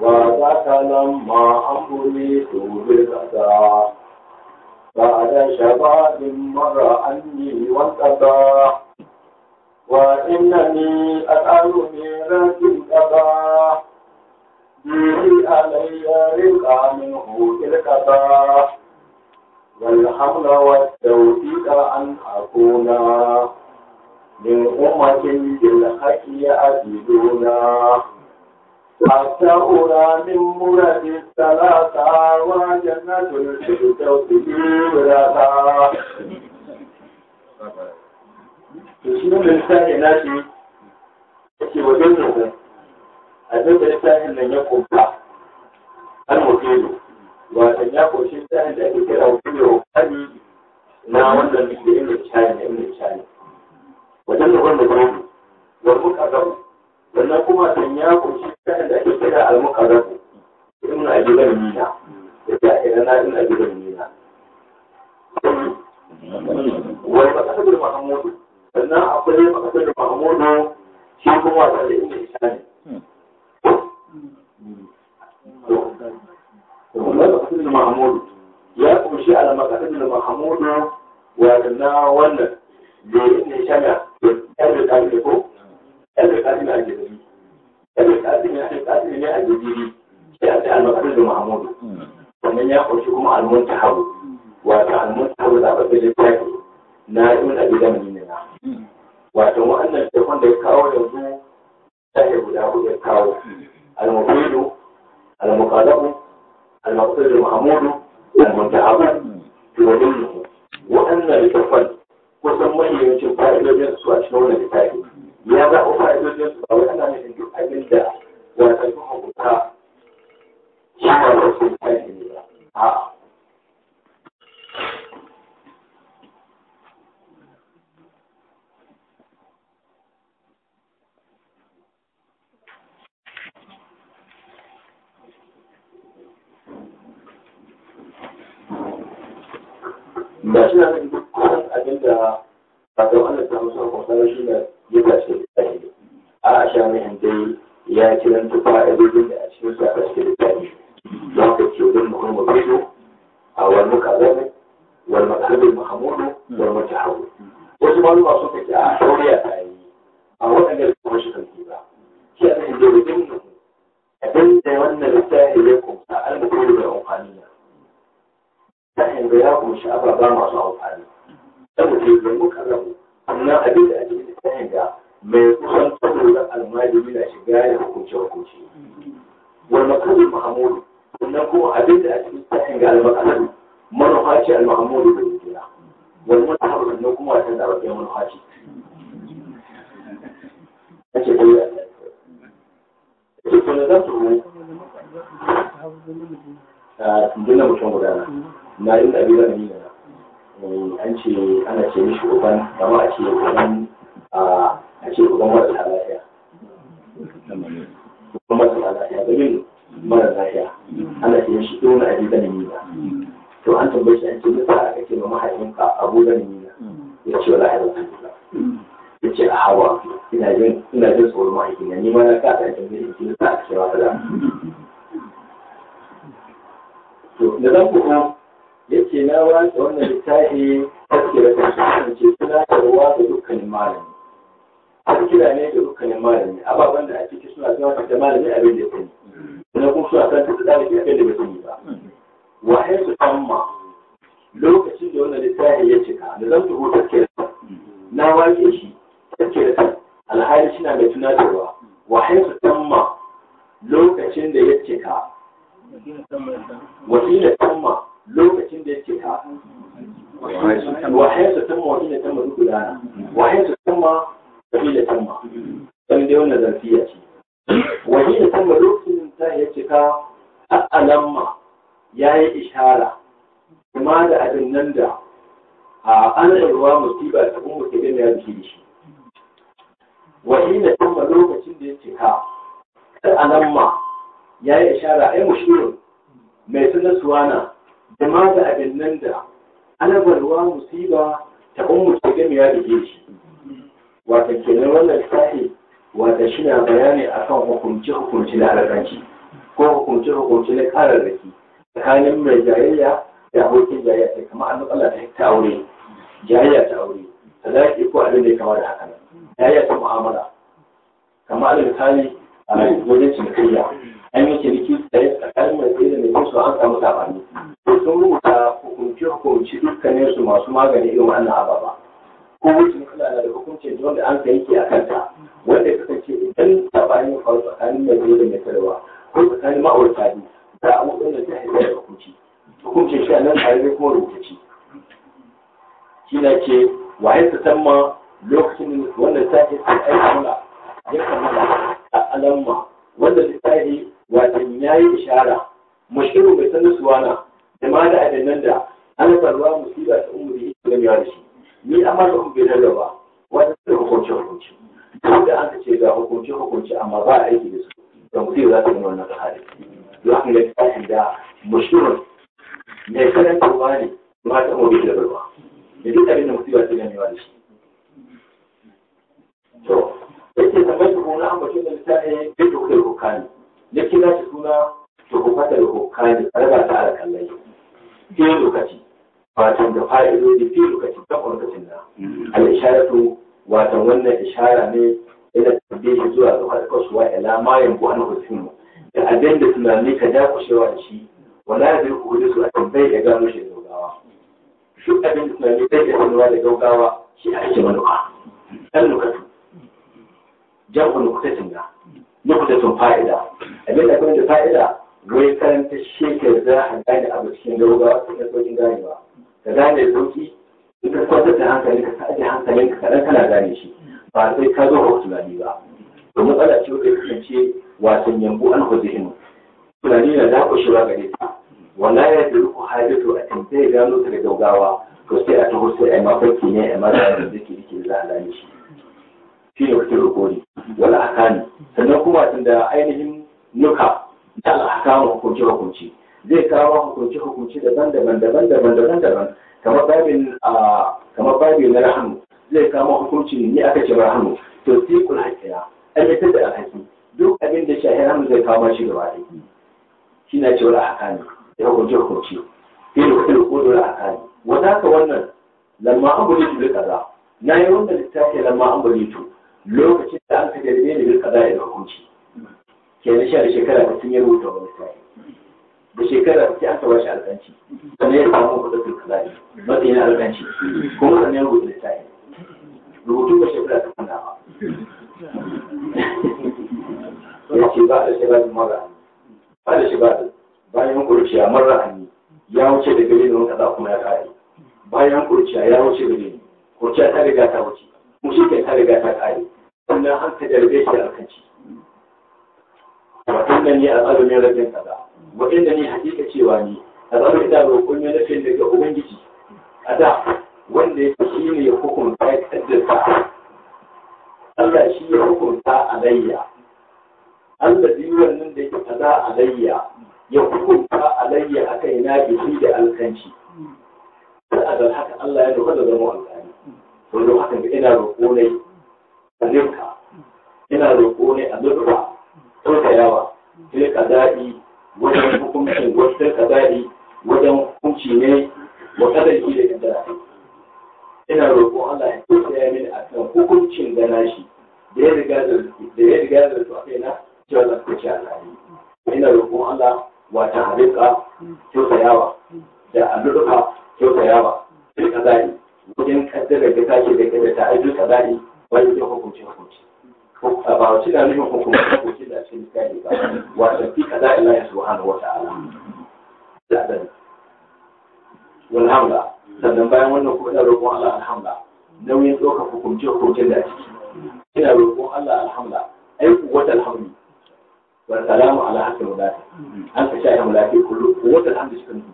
وذاك لما أمري بالأذى بعد شباب مر عني وانتبى وإنني أسأل ميراث انتبى به علي رزقا منه الكبى والحمل والتوفيق أن أكون من أمة بالحق يأتي حتى أولى من مرد الثلاثة وجنة الفردوس إبرتا Tushimin littafin nashi yake wajen nuhu, abin da littafin nan ya kumfa, an wakilu, watan ya koshi littafin da ake kira wakilu kani na wannan da inda cani da inda cani. Wajen nuhun da wani, wani muka gaba, sannan kuma san ya kunshi kan da ake kira al-muqarrab ibn abi ghanina da ina na ibn Wani ghanina wal maqasid da mahmud sannan akwai maqasid da mahmud shi kuma da sannan ya kunshi kuma almunta haru wato almunta haru zaɓaɓɓen littafi na ibn abi zamani ne na wato wa'annan shekwan da ya kawo yanzu shahe guda hudu ya kawo almufidu almuqadabu almaqsudul mahmudu almuntahabu tuwadullu wa'annan littafan kusan mahimmancin fa'idodin su a cikin wannan littafi ya zaɓa fa'idodin su ba wai ana nufin duk abin da wata da shi na da duk kusan abin da fata wannan ta musamman kusan shi ne ya tashi da shi a asha mai hanzari ya kiran tufa a dubin da a cikin su a cikin da shi don ka ce wurin mutum wa bisu a wani kazan wani makalibin mahamudu wani mace hau wasu maluma sun kace a shauriya ta yi a waɗanda kuma shi kan ba shi a cikin da wurin mutum abin da wannan littafi ya kumsa al-mutum da amfani da ya kunshi ababa masu amfani saboda yanzu muka rabu amma abin da ake da kayan ga. mai kusan saboda almajiri na shiga ya hukunce hukunce wani makalin mahamudu sannan kuma abin da ake da kayan ga almakalan manufa almahamudu da gida wani manufa sannan kuma wata da rabin manufa ce ake koyi a nan. Ita kuma za su ruwa. Ah, Tundun na mutum gudana. na yi da abin da eh, an ce ana ce mishi uban kama a ce uban a ce uban wata lafiya uban wata lafiya domin mara lafiya ana ce mishi ɗin wani abin da ni to an tambaye shi an ce masa a ce ma mahaifinka abu da ni ya ce wala ya ya ce a hawa ina jin ina jin tsoron mahaifina ni ma na ka da jin jin jin sa a cewa da to da zan da wannan littafi tafkira ta sun ce tunatarwa da dukkanin malami tafkira ne da dukkanin malami ababen da a ciki suna tunatar da malami abin da sani sannan kuma suna tunatar da ke abin da bai sani ba wahai su tamma lokacin da wannan littafi ya cika da zan tuhu tafkira na wake shi tafkira alhali na mai tunatarwa wahai su tamma lokacin da ya cika wasila tamma lokacin da yake ta wahai su tamma wani da tamma duk gudana wahai su tamma tafi da tamma wani dai wannan zarfiya ce wani da tamma lokacin da ya cika al'alamma ya yi ishara kuma da abin nan da a an ruwa musiba ta kuma ke gani ya biki da shi wani da tamma lokacin da ya cika al'alamma ya yi ishara ai mushirin mai sunan suwana da ma da abin nan da alabarwa musiba ta ummu ta gami ya rige shi wata kenan wannan sahi wata shi na bayani akan hukunci hukunci na alaƙanci ko hukunci hukunci na ƙararraki tsakanin mai jayayya da abokin jayayya ta kama an Allah ta ta aure jayayya ta aure ta za ko abin da ya kama da haka jayayya ta mu'amala kamar da misali a wajen cinikayya an yi ciniki tsaye tsakanin mai tsaye da mai tsaye an samu sabani sun rubuta hukunce-hukunce dukkanin su masu magani irin wannan ababa ko wuce matsala na da hukuncin wanda an ka a kanta wanda ya kasance idan ta bayan faru tsakanin mai zuwa da mai karewa ko tsakanin ma'aurata ne za a mutum da ta haifar da hukunci hukuncin shi a nan tare da kuma rubutaci shi na ce wa ya ta lokacin wanda ta yi ta aikata ya kammala a alamma wanda ta yi wajen ya yi ishara mashiru mai sanar suwana da ma da adannan da an karwa musiba ta umuri da ya da shi ni amma da umuri da ba wanda da hukunci hukunci duk da an ce ga hukunci hukunci amma ba aiki da su da musiba za ta yi wannan hali don haka ya tashi da mushirin mai karantarwa ne ma ta umuri da barwa da duk abin da musiba ta gamewa da shi to yake kamar su kuna an bakin da littafi duk da kai hukani yake za ta suna to hukatar hukani a raba ta alƙalai في lokaci, fatan da fa'idodi fi lokaci ta lokacin na mm-hmm. al-isharatu wato wannan ishara ne ila tabbishi zuwa ga farkasuwa ila ma yanku an husin da abin da tunani ka da kushewa da shi wala zai kuɗi su a tambayi ya gano shi gaugawa shi abin da tunani zai iya sanuwa da gaugawa shi a cikin manuka ɗan nukatu jan ku nukutacin na nukutacin fa'ida abin da kuma da fa'ida wai karanta shekar za a gane abu cikin gauga ko na sauƙin ganewa ka gane sauƙi in ka kwantar da hankali ka sa da hankalin ka kaɗan kana gane shi ba sai ka zo hau tunani ba domin ala ce wata kasance wasan yambo an hau zihinu tunani na da ku shiga gare ta wala ya da ruku hajjato a tambaye gano ta da daugawa. to sai a taho sai a yi mafarki ne a mara da zikiri ke za a gane shi shi ne kuke rukuri wala akani sannan kuma tunda ainihin nuka da al'akamu hukunci-hukunci. zai kawo hukunci hukunci daban daban daban daban daban daban kamar babin kamar babin na rahamu zai kawo hukunci ne aka ce rahamu to sai kula hakira aiwatar da alhaki duk abin da shahi rahamu zai kawo shi gaba da shi na cewa al'akamu ya fiye da ilu ilu kudu al'akamu wata ka wannan lamma an gudu duka kaza na yi wanda littafi lamma an gudu lokacin da an ka jirgin da kaza ya hukunci kenan sha da shekara sun yi rubuta wani littafi da shekara sai aka shi alƙanci sannan ya samu kuɗin turkulari yana alƙanci kuma sannan ya rubuta littafi rubutu ba shekara ta kunna ba ya ce ba da shekara mara ba da shekara bayan kurciya mara hannu ya wuce da gari da wata kuma ya kare bayan kurciya ya wuce da gari kurciya ta riga ta wuce mu shi ta riga ta kare sannan an ta jarbe shi alƙanci wa inda ni al'adu ne rabin kaza wa inda ni hakika cewa ni al'adu ina roƙon ne nufin daga ubangiji a da wanda ya shi ne ya hukunta ya kaddasa Allah shi ya hukunta alayya Allah biyu wannan da ya kaza alayya ya hukunta alayya a kai na bishi da alkanci sa'adar haka Allah ya doka da zama alkani wanda don haka ina roƙo ne a ina roƙo ne a zurfa tausayawa sai kaza'i wajen hukuncin wasu kaza'i wajen hukunci ne wa kadarki da kaddara ina roƙon Allah ya tausaya mini akan hukuncin gana shi da ya riga da ya riga da su akai na cewa za ku ci alhali ina roƙon Allah wata harika tausayawa da alurka tausayawa sai kaza'i wajen kaddara da kake da kaddara ta aiki kaza'i wani hukunci hukunci ba wa cika nufin hukumar ko hukumokin da cikin misali ba wato fi kaza ila ya subhanahu wa ta'ala da dan wal hamla sannan bayan wannan kuma ina roƙon Allah alhamda nauyin ɗaukar hukumce hukumcin da ciki ina roƙon Allah alhamda aiku wata alhamdu wa salamu ala hakan wadata an ka sha ya mulafi kullu wata alhamdu cikin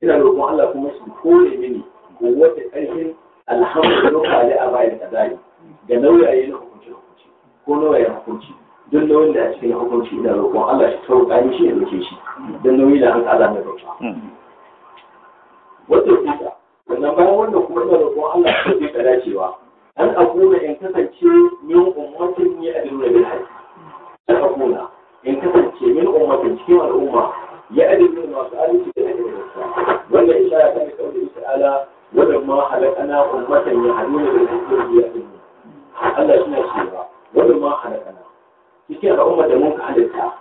ina roƙon Allah kuma su kore mini ko wata ƙarfin alhamdu lokali a bayan kadari ga nauyaye na ko nawa nauyin hukunci don nauyin da a cikin hukunci ina roƙon Allah shi sauƙa shi ya roƙe shi don nauyi da hanka Allah mai roƙe hmm. wanda kuka wannan bayan wannan kuma ina roƙon Allah shi zai ka dacewa an akuna in kasance min ummatin ya adiluna bil haqq an akuna in kasance min ummatin cikin al'umma ya adiluna masu adalci da gaskiya wannan ya isharar ta da kauli ta'ala wadda ma halakana ummatan ya haduna bil haqq ya adiluna Allah shi ne shi Wani ma halakana cikin al'ummar da mun halitta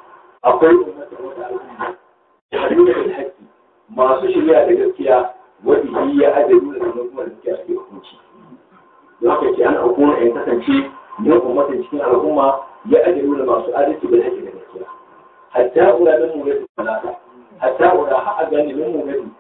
akwai umar da wata al'umma yahduna da haqqi masu shirya da gaskiya wanda yi ya ajaru da sanar kuma da gaskiya suke hukunci don haka ce an hukuma in kasance yin ummatin cikin al'umma ya ajaru da masu adalci bil haqqi da gaskiya hatta ura min mulatin salata hatta ura ha'a ganin min mulatin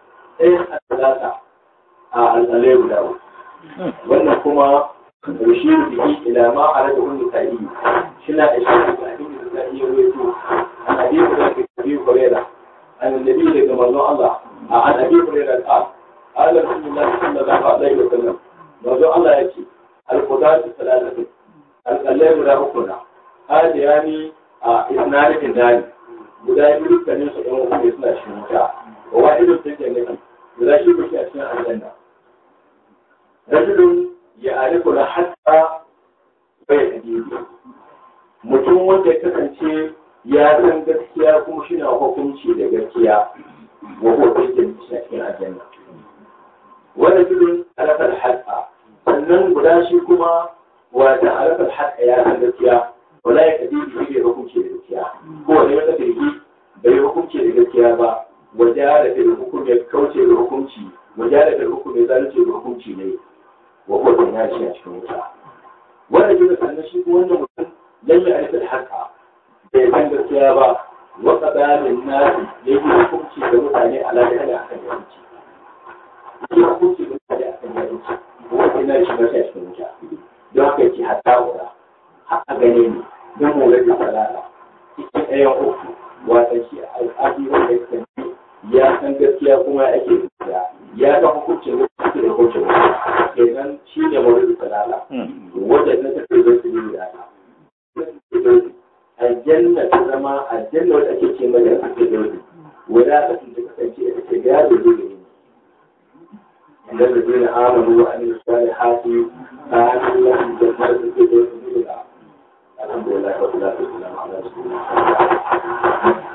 ta القضاة الثلاثة القليل ولا أخرى هذا يعني a في ذلك guda biyu kanin su ɗan wani suna shi wuta wa wa'idun sun ke nufi guda shi kuke a cikin aljanna rajulun ya ariku na hatta bai da gidi mutum wanda ya kasance ya san gaskiya kuma shi na hukunci da gaskiya wa hukunci da cikin aljanna wa rajulun alaƙar hatta wannan guda shi kuma wa ta harafar haɗa ya san gaskiya wala ya kadi shi bai hukunci da gaskiya ko wani wata birgi bai hukunci da gaskiya ba wajara da hukunci ya kauce da hukunci wajara da hukunci ya zalunce da hukunci ne wa ko da yashi a cikin wuta wannan jira sannan shi kuma wannan mutum lalle a rikar haka, bai san gaskiya ba wa qadarin nasi yake hukunci da mutane ala da ala akan hukunci yake hukunci da mutane akan hukunci sai na shiga shi a cikin wuta don haka yake hatta wuta haka gane ni don mu rage falala cikin ɗayan uku wata shi al'adu wanda ya ya san gaskiya kuma ake gaskiya ya ga hukuncin da suke da hukuncin kenan shi ne mawar salala hmm. wanda na tafi da su ne da aljanna ta zama aljanna wanda ake ce mai da ake da wani wanda aka tunce kasance ita ce gado da ne da zai na amonu wa amin الحادي ما الذي جمعت به الحمد لله رب العالمين على رسول الله